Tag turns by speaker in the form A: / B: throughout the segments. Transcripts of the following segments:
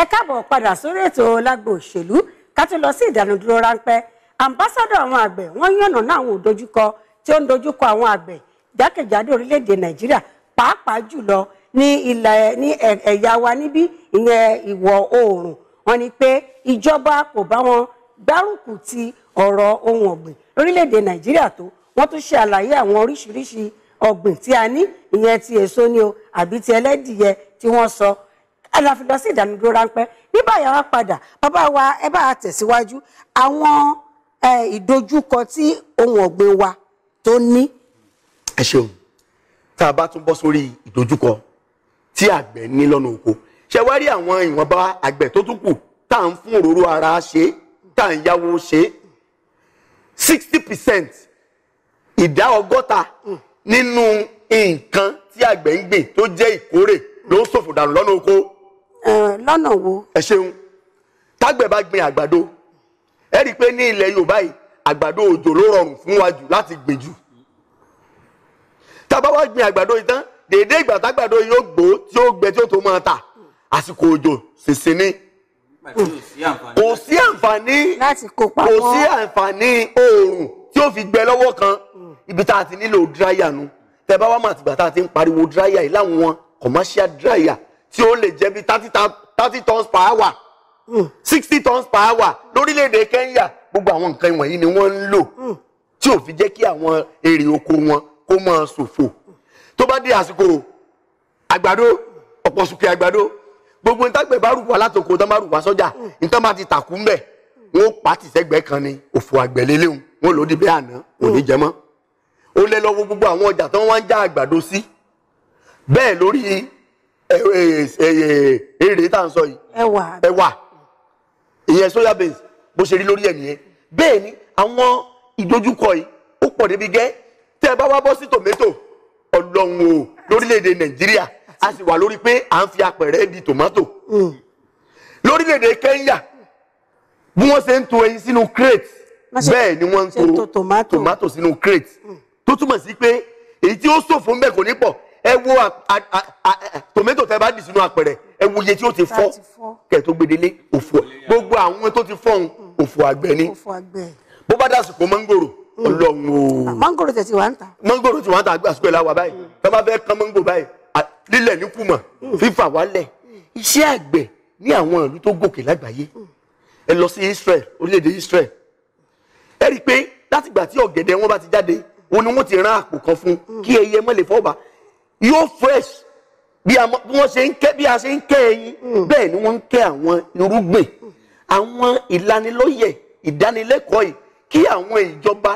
A: ẹ káàbọ̀ padà sórí ètò lágbo òṣèlú ká tún lọ sí ìdánudúró ráńpẹ́ ambassadọ àwọn àgbẹ̀ wọ́n yànnà náà àwọn òdojúkọ tí ó ń dojúkọ àwọn àgbẹ̀ jákèjádò orílẹ̀-èdè nàìjíríà pàápàá jùlọ ní ilẹ̀ ní ẹ̀yà wa níbí ìyẹn ìwọ̀ oòrùn wọ́n ní pé ìjọba kò bá wọn gbárùkù ti ọ̀rọ̀ ohun ọ̀gbìn lórílẹ̀-èdè nàìjíríà tó wọ́n tún ṣe àlàyé àwọn oríṣiríṣi ọ̀gbìn tí a ní ìyẹn ti èso ni o àbí ti ẹlẹ́dìyẹ tí wọ́n sọ ẹ la fi lọ sí ìdánudúró ráńpẹ́ ní báyìí wá padà bàbá wa ẹ bá a tẹ̀síwájú àwọn ìdojúkọ tí ohun ọ̀gbìn wa tó ní.
B: ẹ ṣeun tá a bá tún bọ́ sórí ìdojúkọ tí àgbẹ̀ ní lọ́nà oko ṣe wá rí àwọn ìwọ̀nba àgbẹ̀ tó tún kù tá à ń fún òróró ara ṣe tá à ń yáwó ṣe sixty percent ìdá ọgọ́ta nínú nǹkan tí àgbẹ̀ ń gbìn tó jẹ́ ìkórè ló ń ṣòfò dànù lọ́nà oko lọ́nà wo. ẹ ṣeun tágbẹ̀ bá gbin àgbàdo ẹ rí i pé ní ilẹ̀ yorùbá yìí àgbàdo òjò ló rọrùn fún wa jù láti gbìn jù tábà wá gbin àgbàdo yìí tán dèédé ìgbà tágbàdo yìí ó gbó tí ó gbẹ tí ó tó máa ta àsìkò òjò ṣìṣìn ni kò sí àǹfààní kò sí àǹfààní oòrùn tí ó fi gbẹ lọ́wọ́ kan ibi tá a ti nílò dráyà nu tẹ bá wá mà tìgbà tá a ti ń pariwo dráyà yìí láwọn commercial dráyà tí ó lè jẹ́ bí thirty tons per hour hmm. sixty tons per hour lórílẹ̀‐èdè Kenya gbogbo àwọn nǹkan wọ̀nyí ni wọ́n ń lò hmm. tí ò fi jẹ́ kí àwọn èrè oko wọn kó máa ṣòfò tó bá dé àsìkò àgbàdo ọ̀pọ̀ sùkè àgbàdo gbogbo ní tágbẹ̀ bá rùwà látòkò tán bá rùwà sọ́jà ní tán bá ti tàkú mbẹ̀ wọn ó pàtì sẹ́gbẹ̀ẹ́ kan ni òfò àgbẹ̀lélẹ́hùn wọn lòdì bí àná òní hmm. jẹ mọ́ ó lé lọ́wọ́ gbogbo àwọn ọjà tí wọ́n ń já àgbàdo sí bẹ́ẹ̀ lórí èrè tá à ń sọ yìí ẹ̀wà ẹ̀wà ìyẹn soya beans bó ṣe rí lórí ẹ̀ nìyẹn bẹ́ẹ̀ ni àwọn ìdojúkọ yìí ó pọ̀ débi gẹ́ tẹ́ ẹ bá wá bọ́ sí tòmẹ́tò ọlọ́run o lórílẹ̀‐èdè nàìjíríà a sì wà lórí pé à ń fi apẹ̀rẹ̀ di tòmátò hmm. lórílẹ̀‐èdè kẹ́ńyà bí wọ́n ṣe ń to ẹyin sínú crate bẹ́ẹ̀ ni wọ́n ń to tòmátò sínú crate hmm. tó túmọ̀ sí pé èyí tí ó ṣòfò ńbẹ kò ní pọ̀ ẹ wo tẹ bá dì sínú apẹ̀rẹ̀ ẹ wo iye tí ó ti fọ́ kẹ̀ tó gbedele òfò gbogbo àwọn tó ti fọ́ òun òfò àgbẹ̀ ni bó bá dàsìkò mọ́ngòrò mm. ọlọ́run o. Ah,
A: mọ́ngòrò tẹ̀ ti wá ń ta.
B: mọ́ngòrò ti wá ń ta àgbàsíkò ẹ̀ láwa báyìí tọ́ bá fẹ́ kán mọ́ngòrò báyìí lílẹ̀ ní kùmọ̀ mm. fífà wálẹ̀ iṣẹ́ àgbẹ̀ ní àwọn ìlú tó gòkè lágbàáyé mm. ẹ lọ sí Israel orílẹ̀-èdè Israel ẹ rí i pé látìgbà tí ọ̀gẹ̀dẹ̀ wọn bá ti jáde òun ni wọ́n ti rán àpò kan fún kí ẹyẹ mọ́ lè fọ́ bá yóò fresh bí wọ́n ṣe ń kẹ́ bí a ṣe ń kẹ́ ẹyin hmm. bẹ́ẹ̀ ni wọ́n ń kẹ́ àwọn irúgbìn àwọn ìlanilóyè ìdánilẹ́kọ̀ọ́ yìí kí àwọn ìjọba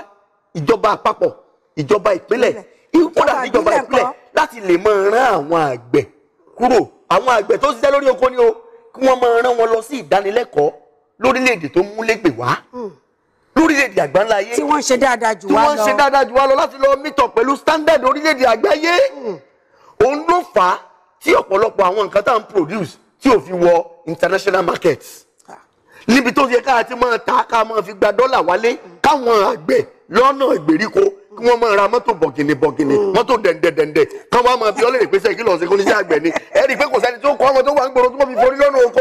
B: ìjọba àpapọ̀ ìjọba ìpínlẹ̀ kódà ìjọba ìpínlẹ̀ láti lè máa rán àwọn àgbẹ̀ kúrò àwọn àgbẹ̀ tó ṣiṣẹ́ lórí oko ni o kí wọ́n máa rán wọn lọ sí ìdánilẹ́kọ̀ọ́ lórílẹ̀‐èdè tó múlẹ̀gbẹ̀ wá hmm. lórílẹ̀‐èdè àgbáńlá ayé tí wọ́n ṣe dáadáa jù wá lọ tí wọ́n ṣe dáadáa jù wá lọ láti lọ mítọ̀ pẹ̀lú standard orílẹ̀‐èdè àgbáyé hmm. òun ló fà á tí ọ̀pọ̀lọpọ̀ àwọn nǹkan tá à ń produce tí ò fi wọ international markets ah. níbi tó yẹ ká ti máa ta ká máa fi gba dọ́là wálé káwọn àgbẹ̀ lọ́nà ìgbèríko kí wọ́n máa ra mọ́tò bọ̀gìnì bọ̀gìnì hmm. mọ́tò dẹ̀ndẹ̀dẹ̀ndẹ̀ kán wá máa fi ọlẹ́rìí pèsè kí lọ́ọ̀sẹ̀ kó ní sí àgbẹ̀ ni ẹ rí i pé kò sẹ́ni tó kọ́ ọmọ tó wà ń gbòòrò tó mọ̀ fi forí lọ́nà oko.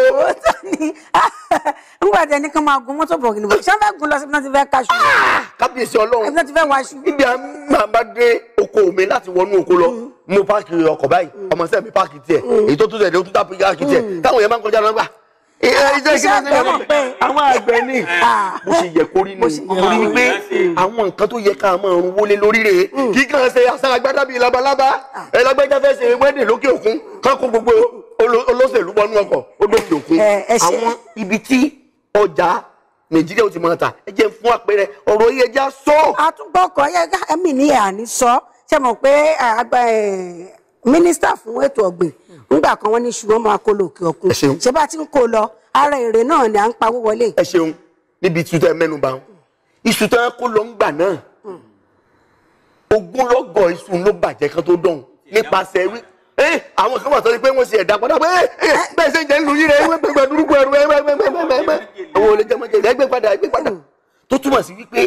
A: n gbàdé ní kán máa gun mọ́tò bọ̀gìnì bọ̀gìnì ṣáfẹ́ gun lọ sí ibi tí wọ́n ti fẹ́ kaṣu. Ah! kábíyèsí ọlọ́run ibi tí wọ́n ti fẹ́ wáṣu. ibi à ń máa bá dé oko mi láti wọnú oko lọ
B: hmm mo páàkì ọkọ̀ báyìí mm. ọmọ sẹ́mi páàkì tiẹ̀ mm. èyí tó tún tẹ̀lé ó tún tà páàkì tiẹ̀ mm. táwọn yẹn máa ń kọjá lọ gbà iṣẹ́ kí ló ń bẹ àwọn àgbẹ̀ ni bó ah. ṣe yẹ kó rí ni torí wípé àwọn nǹkan tó yẹ ká máa ń wọlé lórí é kí kàn ṣe àṣàgbádá bíi labalábá ah. ẹlẹgbẹjá fẹ́ ṣe wẹ́dìn lókè òkun kán kó gbogbo olóṣèlú bọnú ọkọ̀ olókè òkun àwọn ibi tí ọjà nàìjíríà ó ti máa ta ẹ jẹ́ fún
A: àpẹẹrẹ ọ̀rọ̀ yẹn já sọ. àtúgbọ̀kọ̀ yẹ ẹ̀mí ni ẹ̀ àní sọ ṣe mọ̀ pé mínísítà fún ètò ọ̀gbìn ńgbà kan wọ́n ní ṣùgbọ́n máa kó lọ òkè òkun ṣé bá ti ń kó lọ ara èrè náà ni à ń pawó wọlé. ẹ ṣeun níbi ìtútù ẹ mẹ́nu bà ń
B: iṣu tó yẹ kó lọ ń gbà náà ogúnlọ́gọ̀ iṣu ló bàjẹ́ kan tó dọ̀hún nípasẹ̀ wí àwọn kan wà sọ pé wọ́n ṣe ẹ̀dá padà pé bẹ́ẹ̀ ṣe ń jẹ́ nílùú yíra ẹgbẹ́ gbẹgbẹ dúrúkú ẹrú ẹgbẹ́ gbẹgbẹ gbẹgbẹ àwọn olè jẹmọjẹ ẹgbẹ́ padà ẹgbẹ́ padà tó túmọ̀ sí wípé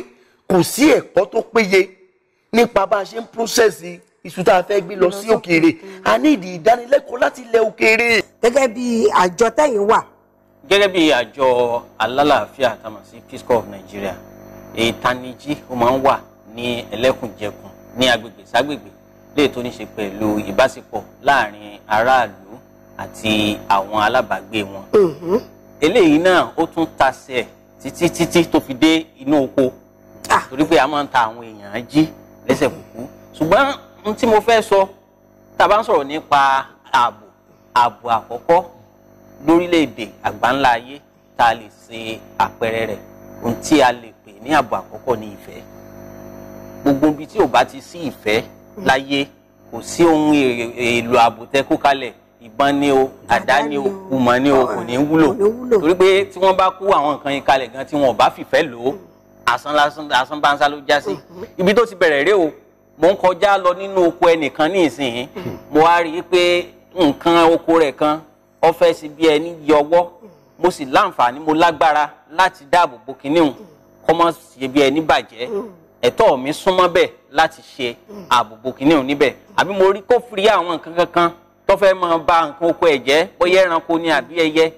B: kò sí ẹ̀kọ́ tó péye nípa bá a ṣe ń process iṣu tá a fẹ́ gbé lọ sí òkèèrè a ní ìdí ìdánilẹ́kọ̀ọ́ láti ilẹ̀ òkèèrè. gẹ́gẹ́ bí àjọ tẹ̀yìn wà.
C: gẹ́gẹ́ bí àjọ alálàáfíà àtàmọ̀ sí Peace Corps of Nigeria ìtanijí ó máa ń wà ní ẹlẹ́kùnjẹkùn ní agbègbè ságbègbè léè tó ní ṣe pẹ̀lú ìbáṣepọ̀ láàrin aráàlú àti àwọn alábàágbé wọn. Mm-hmm. eléyìí náà ó tún tasẹ̀ títí títí tó fi dé inú oko ah. torí pé a máa ń ta àwọn èèyàn jí lẹ́sẹ̀ kúkú ṣùgbọ́n n tí mo fẹ́ sọ tá a bá ń sọ̀rọ̀ nípa ààbò ààbò àkọ́kọ́ lórílẹ̀‐èdè àgbáńlá ayé tá a lè ṣe àpẹẹrẹ rẹ̀ ohun tí a lè pè ní ààbò àkọ́kọ́ ní ìfẹ́ gbogbo ibi tí ò bá ti sí ìfẹ́ láyé kò sí ohun èlò ààbò tẹ́ kó kalẹ̀ ìbọn ni o àdá ni o kùmọ̀ ni o kò ní wúlò torí pé tí wọ́n bá kó àwọn nǹkan yẹn kalẹ̀ gan tí wọn ò bá fìfẹ́ lò ó asán lásán asán bánsá jasi já sí mm-hmm. ibi tó ti bẹ̀rẹ̀ rèé o mo ń kọjá lọ nínú oko ẹnìkan ní ìsìn mm-hmm. mo wá rí i pé nǹkan oko rẹ̀ kan ó fẹ́ sí bí ẹni yí ọwọ́ mm-hmm. mo sì láǹfààní mo lágbára láti dáàbò bo kinní hùn kó má ṣe ẹni bàjẹ́ ẹ̀tọ́ mi súnmọ́ bẹ́ẹ̀ láti ṣe ààbò bo kinní hùn àbí mo rí kó firi àwọn nǹkan kankan tó fẹ́ máa ba nǹkan oko ẹ̀ jẹ́ bóyá ẹranko ni àbí ẹyẹ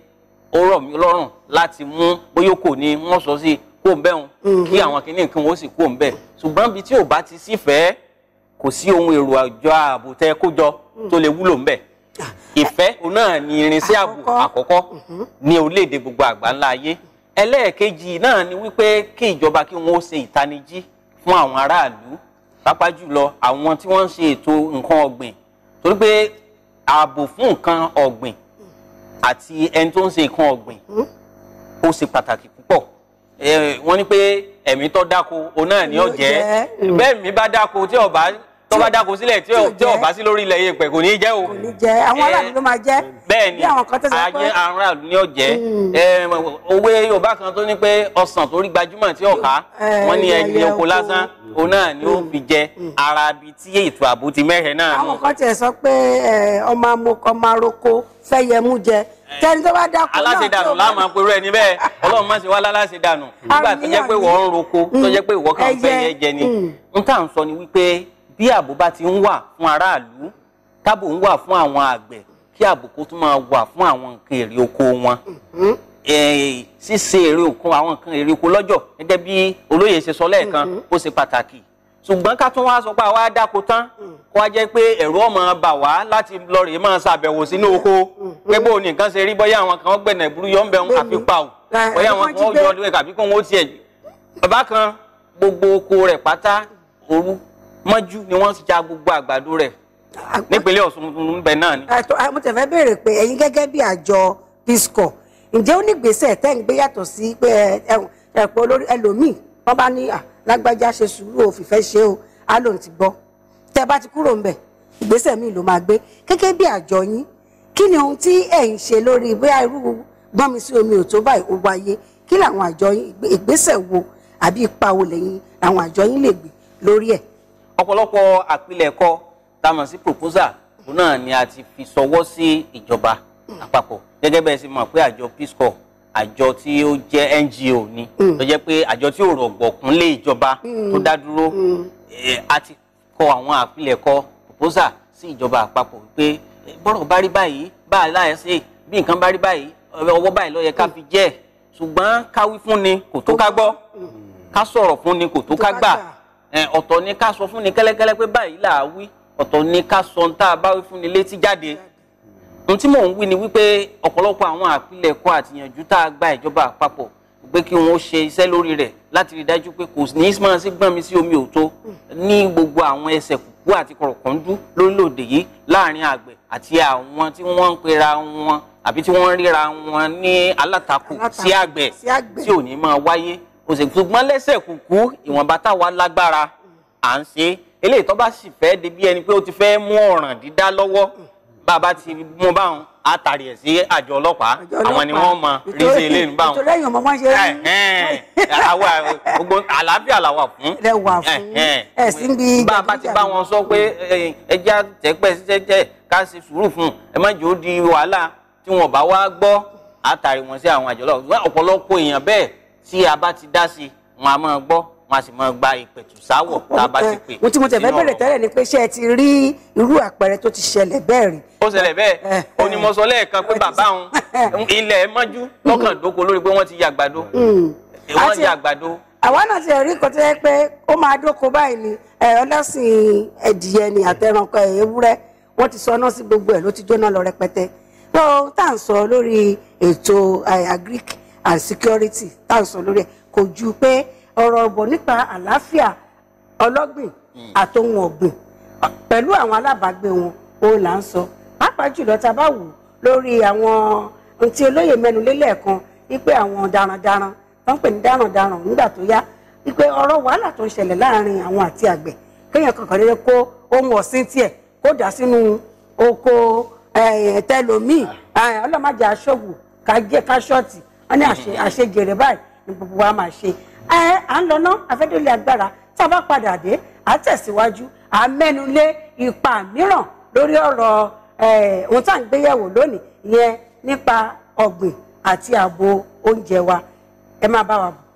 C: ó rọ̀ mí lọ́rùn láti mú bóyá kò wọ́n sọ sí i kó ń bẹ̀ wọn mhm. kí àwọn kìíní nǹkan wọn ó sì kó ń bẹ̀ ṣùgbọ́n bí tí ò bá ti sífẹ̀ẹ́ kò sí ohun èrò àjọ ààbò tẹ kó jọ tó lè wúlò ń bẹ̀ hmm. ìfẹ́ òun náà ni irinṣẹ́ ààbò àkọ́kọ́ mhm. ní orílẹ̀-èdè gbogbo àgbáńlá ayé ẹlẹ́ẹ̀kejì náà ni wípé kí ìjọba kí wọ́n ó ṣe ìtanijí fún àwọn aráàlú pàápàá jùlọ àwọn tí wọ́n ń ṣe ètò nǹkan ọ̀gbìn torí pé ààbò fún nǹkan ọ̀gbìn àti ẹni tó ń ṣe nǹkan ọ̀gbìn hmm. ó ṣe pàtàkì Eh, wọ́n ní pé ẹ̀mí tó dáko òun náà ni ó jẹ́ bẹ́ẹ̀ mi bá dáko tí ọba tó bá dáko sílẹ̀ tí ọba sí lórí ilẹ̀ yẹpẹ̀ kò ní í jẹ́ o. kò ní jẹ́ àwọn eh, aráàlú ló máa jẹ́ bí àwọn kan tẹ̀sán pé. bẹ́ẹ̀ ni àwọn aráàlú ni ó jẹ́ hmm. eh, òwe Yorùbá kan tó ní pé ọsàn tó rí gbajúmọ̀ tí ọ̀ká
A: wọ́n ní ẹni oko
C: lásán òun náà ni ó hmm. fi jẹ hmm. ara bíi tí ètò ààbò ti mẹ́rẹ̀ẹ́ náà. àwọn
A: kan tẹ̀ sọ pé ọmọ amokọ máa fẹ́ yẹmú jẹ tẹni tó bá dákú náà
C: aláṣẹ dànù láàmú àpérò ẹni bẹ́ẹ̀ Ọlọ́run má ṣe wá láláṣẹ dànù nígbà tó jẹ́ pé wọ́n ń roko tó jẹ́ pé ìwọ kan fẹ́ yẹ jẹ ni mm. n tá à ń sọ ni wípé bí ààbò bá ti ń wà fún aráàlú tábò ń wà fún àwọn àgbẹ̀ kí ààbò kó tún máa wà fún àwọn nǹkan èrè oko wọn mm-hmm. ṣíṣe èrè oko àwọn nǹkan èrè oko lọ́jọ́ gẹ́gẹ́ bí olóyè ṣe sọ lẹ́ẹ̀kan mm-hmm. ó ṣe pàtàkì ṣùgbọ́n ká tún wá sọ pé àwa dáko tán hmm. kó wá jẹ́ pé ẹ̀rù ọmọ bà wá láti lọ rèé máa ṣàbẹ̀wò sínú oko hmm. pé bó ni nǹkan ṣe rí bóyá àwọn kan gbẹ̀nà ìbúrú yọ̀ ń bẹ̀ àfipá o bóyá àwọn kan yọ ọdún ẹ̀ka bí kò wọ́n tiẹ̀ bàbá kan gbogbo oko rẹ̀ pátá òru mọ́jú ni wọ́n ti ja gbogbo àgbàdo rẹ̀ nípínlẹ̀ Ọ̀ṣun
A: níbẹ̀ náà ni. mo tẹ̀fẹ́ béèrè pé ẹ̀yin gẹ́gẹ́ bí àjọ Peace Corps ǹjẹ́ ó ní gbèsè tẹ́ ń gbé yàtọ̀ sí pé ẹ̀pọ̀ olórí ẹlòmíì wọ́n bá ní à lágbájá ṣe sùúrù o fìfẹ́ ṣe o á lòun ti gbọ́ tẹ́ bá ti kúrò ńbẹ̀ ìgbésẹ̀ míì ló máa gbé gẹ́gẹ́ bí àjọ yín kí ni ohun tí ẹ̀ ń ṣe lórí bóyá irú gbọ́n mi sí omi ò tó báyìí ó wáyé kí làwọn àjọ yín ìgbésẹ̀ wo àbí ipa wo lẹ́yìn làwọn àjọ yín lè gbé lórí ẹ̀. ọ̀pọ̀lọpọ̀
C: àpilẹ̀kọ tá a mọ̀ sí proposal òun náà ni a ti fi ṣọwọ́ sí ìjọba àpapọ̀ gẹ́gẹ́ bẹ́ẹ̀ sì mọ̀ pé àjọ Peace Corps àjọ tí ó jẹ́ NGO ni mm. tó jẹ́ pé àjọ tí ò rọ̀gbọ̀kún lé ìjọba mm. tó dá dúró mm. eh, a ti kọ àwọn àpilẹ̀kọ proposal sí ìjọba àpapọ̀ pé eh, bọ́rọ̀ bá rí báyìí bá a láyé ṣe bí nǹkan bá rí báyìí ọwọ́ báyìí ló yẹ ká fi jẹ́ ṣùgbọ́n ká wí fún ni kò tó ká gbọ́ ká sọ̀rọ̀ fún ni kò tó ká gbà eh, ọ̀tọ̀ ni ká sọ fún ni kẹ́lẹ́kẹ́lẹ́ pé báyìí là á wí ọ̀tọ̀ ni ká sọ ohun tá a bá wí fún ni létí jáde ohun tí mò ń wí ni wípé ọ̀pọ̀lọpọ̀ àwọn àpilẹ̀kọ àtìyànjú tá a gba ìjọba àpapọ̀ pé kí wọ́n ṣe iṣẹ́ lórí rẹ̀ láti rí dájú pé kò ní í máa sí gbọ́n mi sí omi òtó ní gbogbo àwọn ẹsẹ̀ kúkú àti kọ̀rọ̀kọ̀ndú lórílẹ̀‐èdè yìí láàrin àgbẹ̀ àti àwọn tí wọ́n ń pera wọn àbí tí wọ́n ń ríra wọn ní alátakò sí àgbẹ̀ tí ò ní máa wáyé òṣègbọ́n lẹ́sẹ̀ kúkú ìwọ̀nba táwa lágbára à ń ṣe eléyìí tó bá sì fẹ́ débi ẹni pé ó ti fẹ́ mú ọ̀ràn dídá lọ́wọ́ bàbá ti mú báwọn atari ẹ̀ sí àjọ ọlọ́pàá àwọn ni wọ́n mọ ríṣe ilé ń báwọn.
A: ìtòlẹ́ èèyàn mọ̀ wọ́n ṣe
C: é. àwa gbogbo àlàáfíà la wà fún. ẹ wà fún ẹ sí ń bi. bàbá ti bá wọn sọ pé ẹja tẹ́pẹ́ tẹ́tẹ́ ká ṣe sùúrù fún un ẹ má jò ó di wàhálà tí wọn bá wá gbọ́ àtàrí wọn sí àwọn àjọ ọlọ́pàá ọ̀pọ̀lọpọ̀ èèyàn bẹ́ẹ̀ tí a bá ti dá sí wọn a máa gbọ́ wọn a sì máa gba ìpẹ̀tùsáwọ̀ tá a bá ti pè. ohun tí mo tẹ̀ fẹ́ bẹ̀rẹ̀
A: tẹ́lẹ̀ ni pé ṣé ẹ ti rí irú àpẹẹrẹ tó ti ṣẹlẹ̀ bẹ́ẹ̀ rí.
C: ó ṣẹlẹ̀ bẹ́ẹ̀ eh, eh. ó ní mo sọ lẹ́ẹ̀kan pé bàbá òun eh, ilẹ̀ mọ́jú lọ́kàn dóko lórí pé wọ́n ti ya àgbàdo hmm. hmm. wọ́n ti ya àgbàdo.
A: àwa náà ti rí nǹkan tó yẹ pé ó máa dóko báyìí ni ọlọ́sìn ẹ̀dìyẹ ni àtẹranko ewúrẹ́ wọ́n ti sọ náà sí gbogbo ẹ̀ pé ọ̀rọ̀ ọ̀bọ̀ nípa àlàáfíà ọlọ́gbìn hmm. àtohun ọ̀gbìn pẹ̀lú àwọn alábàágbé wọn ó là ń sọ pàápàá jùlọ tá a bá wù lórí àwọn ohun tí olóyè mẹ́nu lélẹ̀ kan wípé àwọn darandaran tó ń pè ní darandaran nígbà tó yá wípé ọ̀rọ̀ wàhálà tó ń ṣẹlẹ̀ láàrin àwọn àti àgbẹ̀ kéèyàn kankan lè kó ohun ọ̀sìn tiẹ̀ kó dà sínú oko tẹlomiin ọlọ́mọdé aṣọ́gù ká jẹ́ ká ṣọ́ọ̀tì wọ́n ní àṣejèrè báyìí ni gbogbo wa máa ṣe ẹ à ń lọ ná agbára tá a bá padà dé à á tẹ̀síwájú à á mẹ́nu lé ipa mìíràn lórí ọ̀rọ̀ ohun tá à ń gbéyẹ̀wò lónìí ìyẹn nípa ọ̀gbìn àti ààbò oúnjẹ wa ẹ máa bá wa bọ̀.